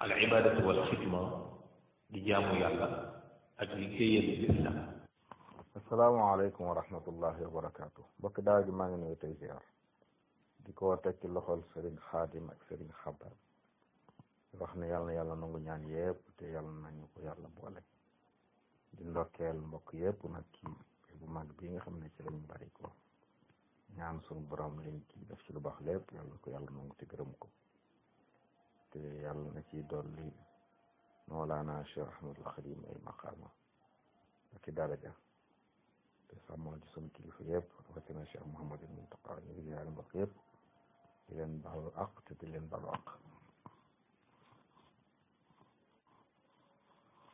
al ibadatu wal xidma di jaamu yàlla ak di kéyelu lislam asalaamaaleykum wa rahmatullahi wa barakaatu mbokk daal gi maa ngi nuyu tey ziar di ko teg ci loxol sëriñ xaadim ak sëriñ xabaar wax ne yàlla na yàlla nangu ñaan yépp te yàlla nañu ko yàlla boole di ndokkeel mbokk yépp nag ci bu mag bii nga xam ne ci lañu bari ko ñaan suñu borom liñ ci def ci lu baax lépp yàlla ko yàlla nangu te gërëm ko yàlla na ci dolli moolaana cheikh ahmadul xadim ay maqaama ak i daraja te sàmmoo ci suñu kilifa yëpp rawatina cheikh mouhamadul muntaqa ñu ngi ziyaare mbokk yëpp di leen balu aq te di leen aq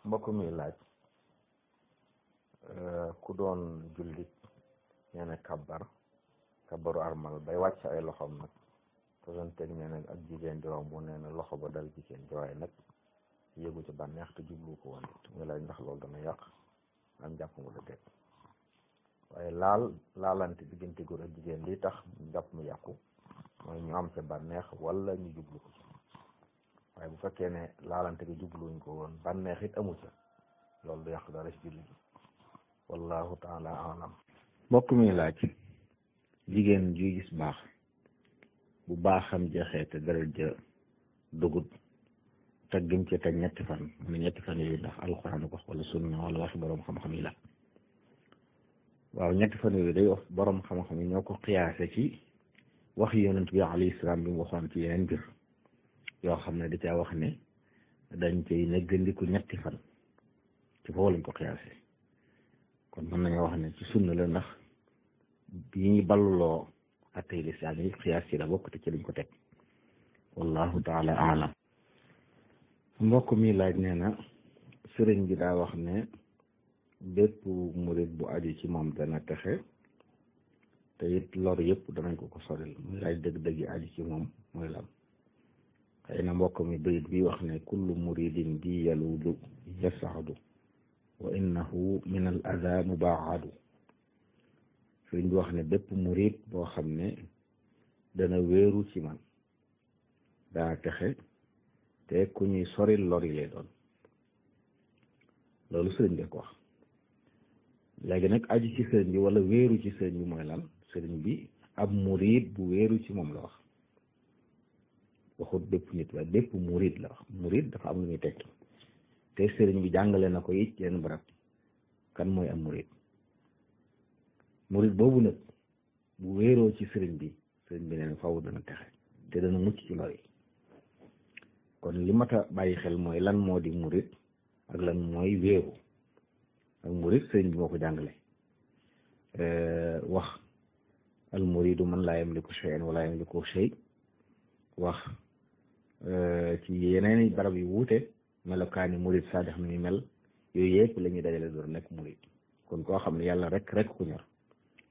mbokk mi laaj euh, ku doon jullit nee na kabbar kabbaru armal bay wàcc ay loxoom nag posanteg ne nag ak jigéen di romb nee na loxo ba dal jigéen di waaye nag yëgu ci bànneex te jublu ko woon nga laaj ndax loolu dana yàq am jàpp mu diggante góor ak jigéen li tax jàpp mu yàqu mooy ñu am ca bànneex wala ñu jublu ko waaye bu fekkee ne laalante gi jubluwuñ ko woon bànneex it amu ca loolu du yàq dara ci julli wallahu taala alam mbokk mi laaj jigéen juy gis baax bu baaxam jeexee te dara dugub te taggim ci teg ñetti fan mu ne ñetti fan yooyu ndax alxuraan wax wala sunna wala wax boroom xam-xam yi la waaw ñetti fan yooyu day boroom xam-xam yi ñoo ko xiyaase ci wax yonent bi alayhi salaam bi mu waxoon ci yeneen mbir yoo xam ne da caa wax ne dañ cay neggandiku ñetti fan ci foofu lañ ko xiyaase kon mën nañoo wax ne ci sunna la ndax yi ñu balluloo attey lislaam yi xiyaas ci la bokk te ci ko teg wallahu taala alam mbokk mi laaj nee na sëriñ bi daa wax ne bépp murit bu aju ci moom dana texe te it lor yëpp danañ ko ko soril muy laaj dëgg-dëgg ci moom mooy lam xëy na mbokk mi bayit bi wax ne kullu muridin bi yaluudu yasaadu wa innahu min al ada mubaadu sëriñ bi wax ne bépp murit boo xam ne dana wéeru ci man daa texe te ku ñuy soril lori lay doon loolu sëriñ bi ko wax léegi nag aju ci sëriñ bi wala wéeru ci sëriñ bi mooy lan sëriñ bi am murit bu wéeru ci moom la wax waxut bépp nit waaye bépp murit la wax murit dafa am lu muy tekki te sëriñ bi jàngale na ko it yenn barab kan mooy am murit murit boobu nag bu wéeroo ci sëriñ bi sëriñ bi neen faw dana texe te dana mucc ci lor kon li mat bàyyi xel mooy lan moo di murit ak lan mooy wéeru ak murit sëriñ bi moo ko jàngale wax al muridu man laa yamliku shay'an wala yamliku shay wax ci yeneen barab yu wuute melokaani murit saadix mi ni mel yooyu yëpp lañuy dajale doon nekk murit kon koo xam ne yàlla rek rek ku ñor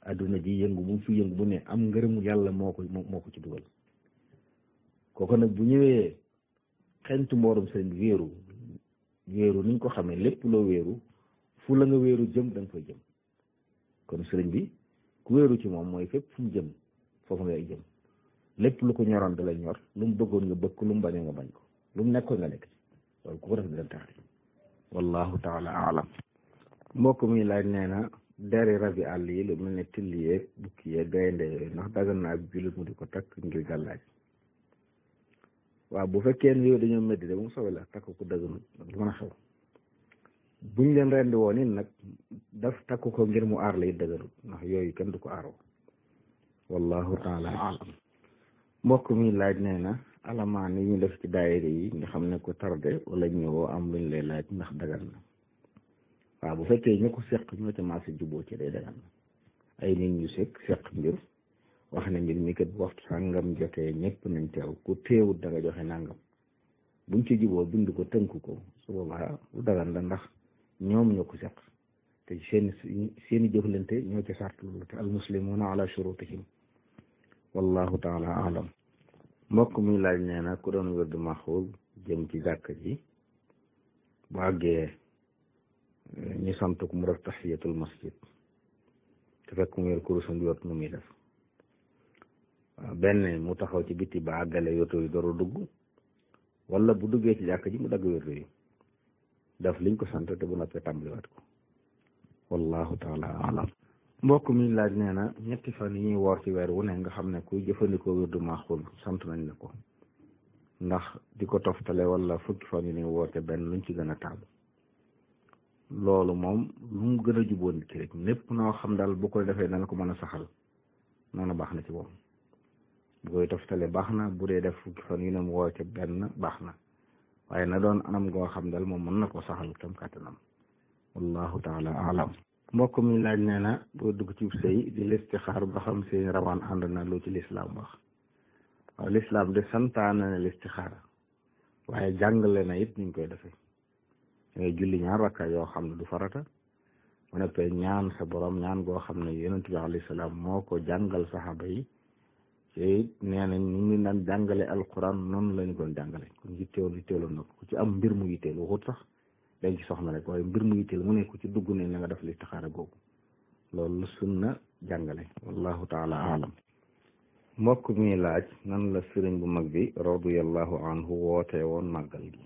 adduna ji yëngu bu mu fi yëngu bu ne am ngërëmu yàlla moo ko moo ko ci dugal kooku nag bu ñëwee xentu mboorum sëriñ wéeru wéeru niñ ko xamee lépp loo wéeru fu la nga wéeru jëm da nga jëm kon sëriñ bi ku wéeru ci moom mooy fépp fu mu jëm foofu ngay jëm lépp lu ko ñoroon da ñor lu mu bëggoon nga bëgg lu mu bañoon nga bañ ko lu mu nekkoon nga nekk ci loolu ku ko def dina tax wallahu taala alam mbokk mi laaj nee na deri rabi àll yi lu mel ne till yeeg bukki yeeg gaynde yooyu ndax dagan na ab jullit mu di ko takk ngir gàllaaj waaw bu fekkee ne yooyu dañoo métti de bu mu soobee la takk ko daganut du mën a xew buñ leen rendi woon it nag daf takk ko ngir mu aar la it ndax yooyu kenn du ko aaroo wallahu taala alam mbokk mi laaj nee na alamaan yi ñu def ci daayira yi nga xam ne ko tarde wala ñëwoo am luñ lay laaj ndax dagan na waaw bu fekkee ñu ko seq ñoo ca maase juboo ci day dagan ay nit ñu seq seq mbir wax na mbir mi kat waxtu sàngam jotee ñëpp nañ teew ku teewut da joxe nàngam buñ ci juboo bind ko tënk ko su boobaa lu la ndax ñoom ñoo ko seq te seen seeni jëflante ñu ca sart loolu te al muslimuna ala shurutihim wallahu taala alam mbokk muy laaj nee na ku doon wérdu maxuul jëm ci jàkk ji bu àggee ñi sant ko mu def taxiyatul masjid te fekk mu yor kurusam di wat nu muy def waaw mu taxaw ci bitti ba àggale yoto yi dooru dugg wala bu duggee ci jàkk ji mu dagg wérdu yi daf liñ ko sant te bu noppee tàmbaliwaat ko mi laaj nee na ñetti fan yi ñuy woor ci weer wu nga xam ne kuy jëfandikoo wérdu maaxul sant nañ la ko ndax di ko toftale wala fukki fan yi ñuy woor te benn luñ ci gën a taamu loolu moom lu mu gën a juboo nit ki rek lépp noo xam daal bu koy defee dana ko mën a saxal noonu baax na ci moom bu koy toftale baax na bu dee def fukki fan yu ne mu woote benn baax na waaye na doon anam goo xam dal moom mën na ko saxal tam kàttanam wallahu taala alam mbokk mi laaj nee na boo dugg ci sëy di listixaar ba xam seen rawaan ànd na lu ci lislaam wax waaw lislaam de santaane na listixaar waaye jàngale na it niñ koy defee ngay julli ñaar rakka yoo xam ne du farata mu ne pee ñaan sa borom ñaan goo xam ne yonent bi alayhi salaam moo ko jàngal saxaaba yi te it nee nañ ni ñu daan jàngale alquran noonu lañu doon jàngale kon yitteewoon yitteeloon na ku ci am mbir mu yitteel waxut sax dañ ci soxna rek waaye mbir mu yitteel mu ne ku ci dugg ne na nga def li taxaara googu loolu sunna jàngale wallahu taala aalam mbokk mi laaj nan la sëriñ bu mag bi radiyallahu anhu woote woon màggal gi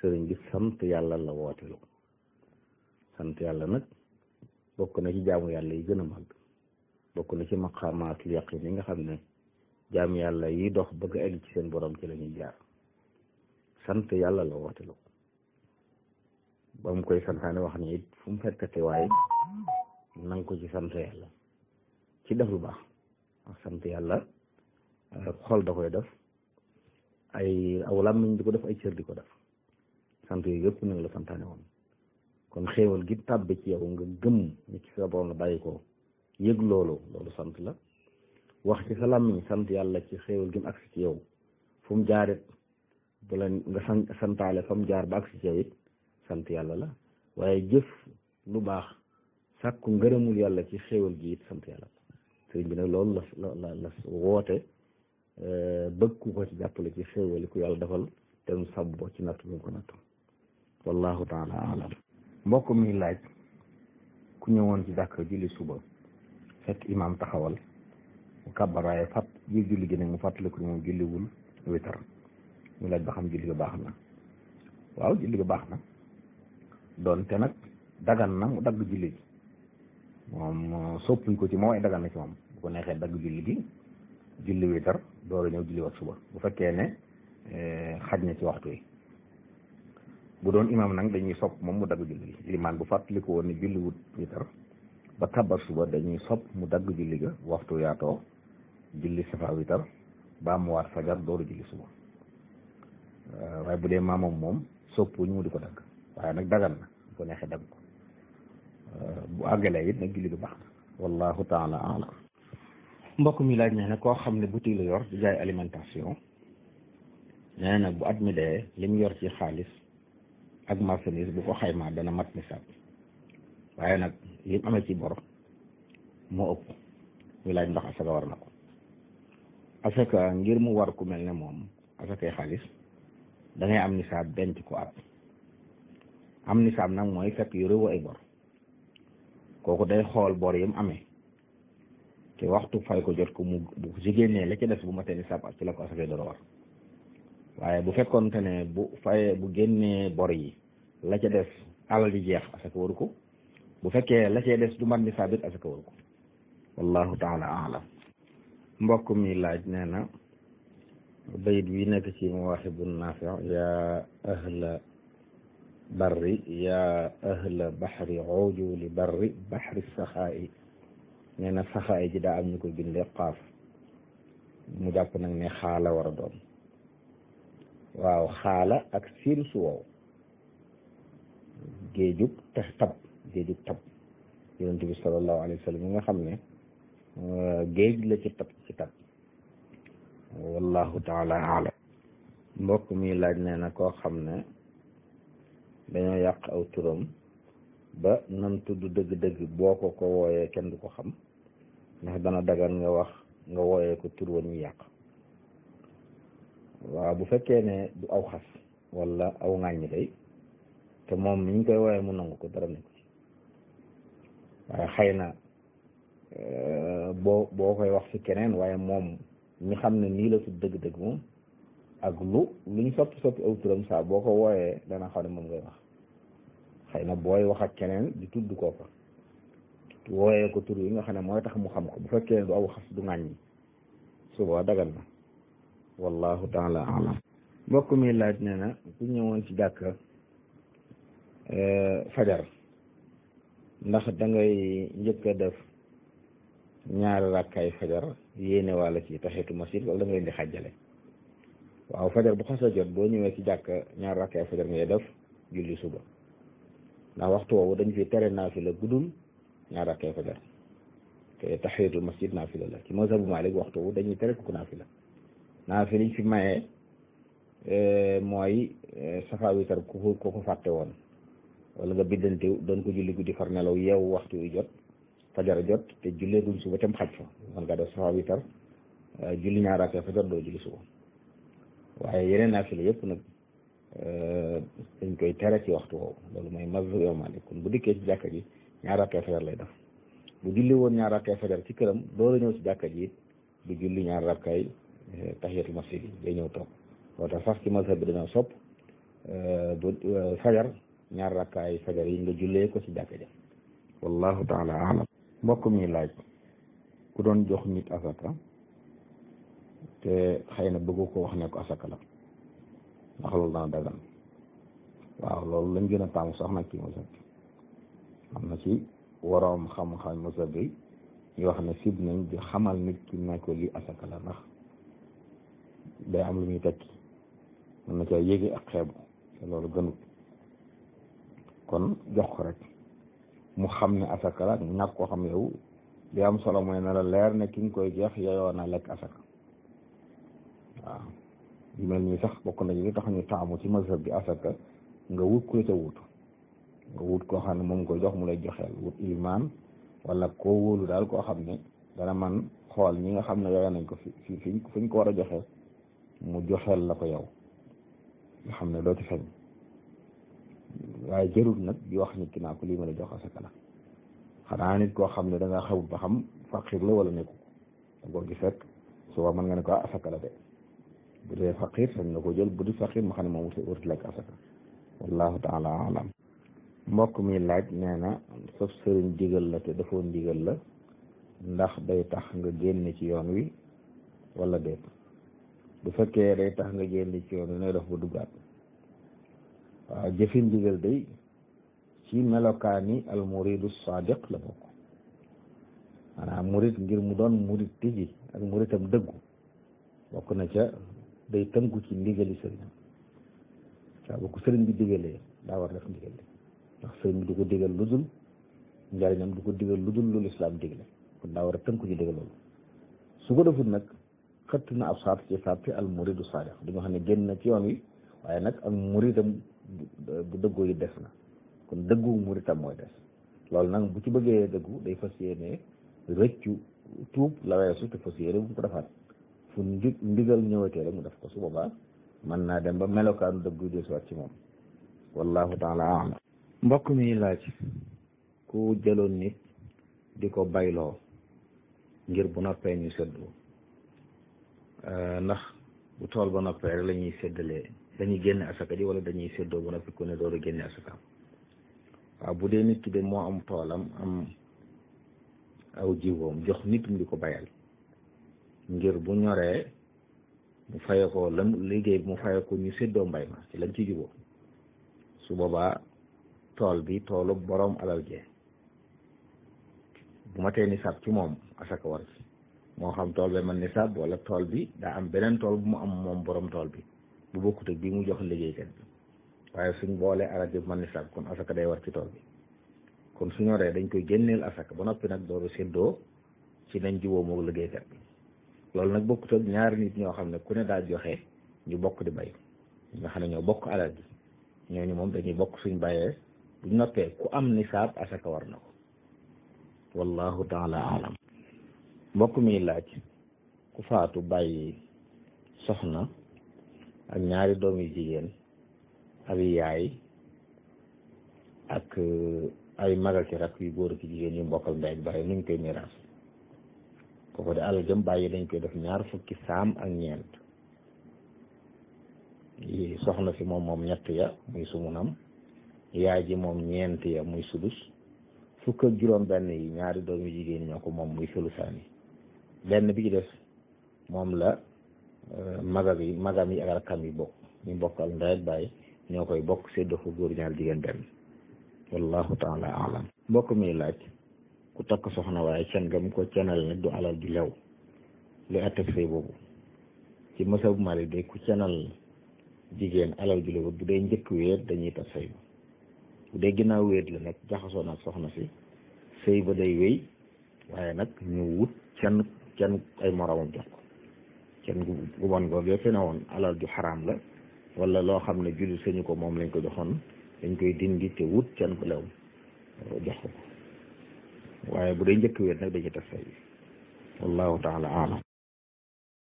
sëriñ bi sant yàlla la wootelu sant yàlla nag bokk na ci jaamu yàlla yi gën a màgg bokk na ci maqaamaatul yaqin yi nga xam ne jaamu yàlla yi dox bëgg a egg ci seen borom ci la ñuy jaar sant yàlla la wootelu ba mu koy santaane wax ni it fu mu fekkate waaye na ko ci sant yàlla ci def lu baax sant yàlla euh, xol da koy def ay aw làmmiñ di ko def ay cër di ko def sant yooyu yëpp mi la santaane woon kon xéewal gi tàbbi ci yow nga gëm ni ci sa la bàyyi ko yëg loolu loolu sant la wax ci sa làmmiñ sant yàlla ci xéewal gi mu agsi ci yow fu mu jaarit bu la jaar ba agsi ci yow it sant yàlla la waaye jëf lu baax sàkku ngërëmul yàlla ci xéewal gi it sant yàlla sëriñ bi nag loolu la la la woote euh, bëgg ko ci jàppale ci xéewal ku yàlla defal te mu sàbbo ci natt bi mu ko nattu wallahu taala alam mbokk mi laaj ku ñëwoon ci jàkk julli suba fekk imaam taxawal mu kàbbar waaye fat biir julli gi nag mu fàttaliku moom julliwul witar ñu laaj ba xam julli ga baax na waaw julli ga baax na doonte nag dagan na mu dagg julli gi moom soppuñ ko ci moom ay dagan na ci moom bu ko neexee dagg julli gi julli witar door a ñëw julli wat suba bu fekkee ne eh, xaj na ci waxtu yi bu doon imaam nag dañuy sopp moom mu dagg julli gi limaan bu fàttaliku woon ni wut witar ba kabar suba dañuy sopp mu dagg julli ga waxtu yaatoo julli safa witar ba mu waat fajar dooru julli suba euh, waaye bu dee maamoom moom sopp ñu mu di ko dagg waaye nag dagan na bu neexee dagg ko euh, bu àggalee it nag julli ga ba na wallahu taala alam mbokk mi laaj nee na koo xam ne boutique la yor di jaay alimentation nee na bu at mi dee li yor ci xaalis ak marchandise bu ko xaymaa dana mat misaal waaye nag li mu amee ci bor moo ëpp ñu laaj ndax asaka war na ko asaka ngir mu war ku mel ne moom asakay xaalis dangay am nisaab denc ko at am nisaab nag mooy fekk yu réwu ay bor kooku day xool bor yi mu amee te waxtu fay ko jot ko mu bu si génnee la bu matee nisaab at ci la ko asakay dara war waaye bu fekkoonte ne bu fayee bu génne bor yi la ca des alal ji jeex asaka waru ko bu fekkee la cee des du mat nisaab it asaka waru ko wallahu taala alam mbokk mi laaj nee na bayit wi nekk ci mawaaxibun naafi yaa ahla barri yaa ahla baxri ooju li barri baxri saxaa'i nee saxaa'i ji daa am ñu ko bindee qaaf mu jàpp nag ne xaala war doon waaw xaala ak siin su wow géejug te tab géejug tab yonent bi sallallahu alayhi wa sallam nga xam ne euh, géej la ci tab ci tab wallahu taala alam mbokk mi laaj nee na koo xam ne dañoo yàq aw turam ba nam tudd dëgg-dëgg boo ko ko wooyee kenn du ko xam ndax dana dagan nga wax nga wooyee ko tur wa yàq waaw bu fekkee ne du aw xas wala aw ŋàññi day te moom mi ñu koy woowee mu nangu ko dara ne ci waaye xëy na euh, boo boo koy wax ci keneen waaye moom ñi xam ne nii la tudd dëgg-dëgg moom ak lu lu ñu soppi soppi aw turam saa boo ko wooyee dana xam ne moom ngay wax xëy na booy wax ak keneen di tudd kooka wooyee ko tur yi nga xam ne mooy tax mu xam ko bu fekkee ne du aw xas du ŋàññi suba dagal na wallahu taala alam mbokk mi laaj nee na ku ñëwoon ci jàkka eh, fajar ndax dangay njëkk a def ñaari rakkaay fajar yéene wàlla ci taxitu masjid wala da nga di xàjjale waaw fajar bu xasee jot boo ñëwee ci jàkka ñaari rakkaay fajar ngay def julli suba ndax waxtu woowu dañ fi tere naafila guddul ñaari rakkaay fajar te taxitul masjid naafila la ci mazhabu Maalik waxtu woowu dañuy tere ku naafila naafila yi fi maye eh, mooy eh, safa witar ku ko ku ko fàtte woon wala nga biddantew doon ko julli guddi far nelaw yeewu waxtu wi jot fajar jot te jullee guñ suba tam xaj fa man nga def safa eh, julli ñaaraakee fajar doo julli suba yeneen naafila yëpp nag dañ koy tere ci waxtu loolu mooy mazhab Imam Malik kon bu dikkee ci jàkka ji ñaaraakee fajar lay def bu julli woon ñaar fajar ci këram door a ñëw si jàkka ji bu julli ñaar rakkaay Eh, tahiyatul masjid day ñëw toog moo tax sax ci mazhab bi dana sopp eh, bu eh, fajar ñaar rakkaay fajar yi nga jullee ko ci jàkka ja laaj doon jox te xëy na bëggu ko wax ne ko asaka la ndax loolu dana dagan waaw loolu lañ gën a taamu sax nag ci mazhab bi am na ci waroom xam-xam mazhab bi ñu wax ne sib nañ di xamal nit ki ne ko asaka la ndax day am lu muy tekki mën na caa yéegi ak xeebu te loolu gënut kon jox ko rek mu xam ne asaka la ñàkk koo xam yow li am solo mooy na la leer ne ki nga koy jox yeyoo na lekk asaka waaw yu mel nii sax bokk na li tax ñu taamu ci mazhab bi asaka nga wut ku la ca nga wut koo xam ne moom koy jox mu lay joxeel wut imaan wala koo wóolu daal koo xam ne dana man xool ñi nga xam ne yore nañ ko fi fi fiñ ko war a joxee mu joxeel la ko yow nga xam ne doo ci feeñ waaye jërul nag di wax nit ki naa ko lii ma la jox asaka la xanaa nit koo xam ne da nga ba xam faqir la wala nekku da ko gi fekk soo mën nga ne ko ah asaka la de bu dee faqir sañ na ko jël bu di faqir ma xam ne moom wut lekk asaka wallahu taala alam mbokk mi laaj nee na saf sëriñ la te dafoo ndigal la ndax day tax nga génn ci yoon wi wala déet bu fekkee day tax nga génn ci yoon ne dox ba duggaat waaw jëfin ndigal day ci melokaani al muridu la bokk maanaam murid ngir mu doon murid tigi ak muritam dëggu bokk na ca day tënku ci ndigali sëriñam waaw bu sëriñ bi digalee daa war def ndigal li ndax sëriñ bi du ko digal lu dul njariñam du ko digal lu dul lu lislaam digle kon daa war a tënku ci digal loolu su ko defut nag xëtt na ab sart ci sarti al muridu saalix di xam ne génn na ci yoon wi waaye nag ak muridam bu dëggoo yi des na kon dëggu muridam mooy des loolu nag bu ci bëggee dëggu day fas yéenee rëccu tuub la weesu te fas yéene bu mu ko defaat fu ndigal ñëwatee rek mu def ko su boobaa mën naa dem ba melokaanu dëggu yi desuwaat ci moom wallahu taala alam mbokk mi laaj ku jëloon nit di ko bayloo ngir bu noppee ñu seddu Euh, ndax bu tool ba noppee rek la ñuy séddalee dañuy génne asaka ji wala dañuy séddoo ba noppi ku ne dooru génne asaka waaw bu dee nit ki de moo am toolam am aw jiwoom jox nit mu di ko bayal ngir bu ñoree mu faye ko lam liggéey bi mu faye ko ñu séddoo mbay ma ci lañ ci juboo su boobaa tool bi toolu boroom alal jee bu ma tee ni sab ci moom asaka war ci moo xam tool ba man nisaab wala tool bi daa am beneen tool bu mu am moom borom tool bi bu bokkut bi mu jox liggéeykat bi waaye suñ boolee alal ji man nisaab kon asaka day war ci tool bi kon su ñoree dañ koy génneel asaka ba noppi nag dooru séddoo ci nañ jiwoo moog liggéeykat bi loolu nag bokkut ñaari nit ñoo xam ne ku ne daa joxe ñu bokk di bay nga xam ne ñoo bokk alal bi ñooñu moom dañuy bokk suñ bayee bu noppee ku am nisaab asaka war na ko mbokk mi laaj ku faatu bàyyi soxna ak ñaari doom yu jigéen ak yaay ak euh, ay magal ci rak yu góor ki jigéen yu mbokkal ndey ak bàyyi nuñ koy miraas kooku de alal jëm bàyyi dañ koy def ñaar fukki saam ak ñeent yi soxna si moom moom ñett ya muy sumunam yaay ji moom ñeent ya muy sudus fukk ak juróom benn yi ñaari doom yu jigéen ñoo ko moom muy sulusaani benn bi ci des moom la euh, magam yi magam yi ak rakkam yi bokk ñu bokkal ndey ak ñoo koy bokk séddoo ko góor ñaar jigéen benn wallahu taala alam mbokk mi laaj ku takk soxna waaye cen gam ko cenal nag du alal ju lew lu atteg say boobu ci mësa bu mali de ku cenal jigéen alal ju lew bu dee njëkk wéet dañuy tas say ba bu dee ginnaaw wéet la nag jaxasoo soxna si sëy ba day wéy waaye nag ñu wut kenn kenn ay moromam jox ko kenn gu bon googee fi ne woon alal ju xaraam la wala loo xam ne jullit sañu ko moom lañ ko joxoon dañ koy dindi te wut kenn ku lew jox ko waaye bu dee njëkk wéet nag da ci teg say bi wallahu taala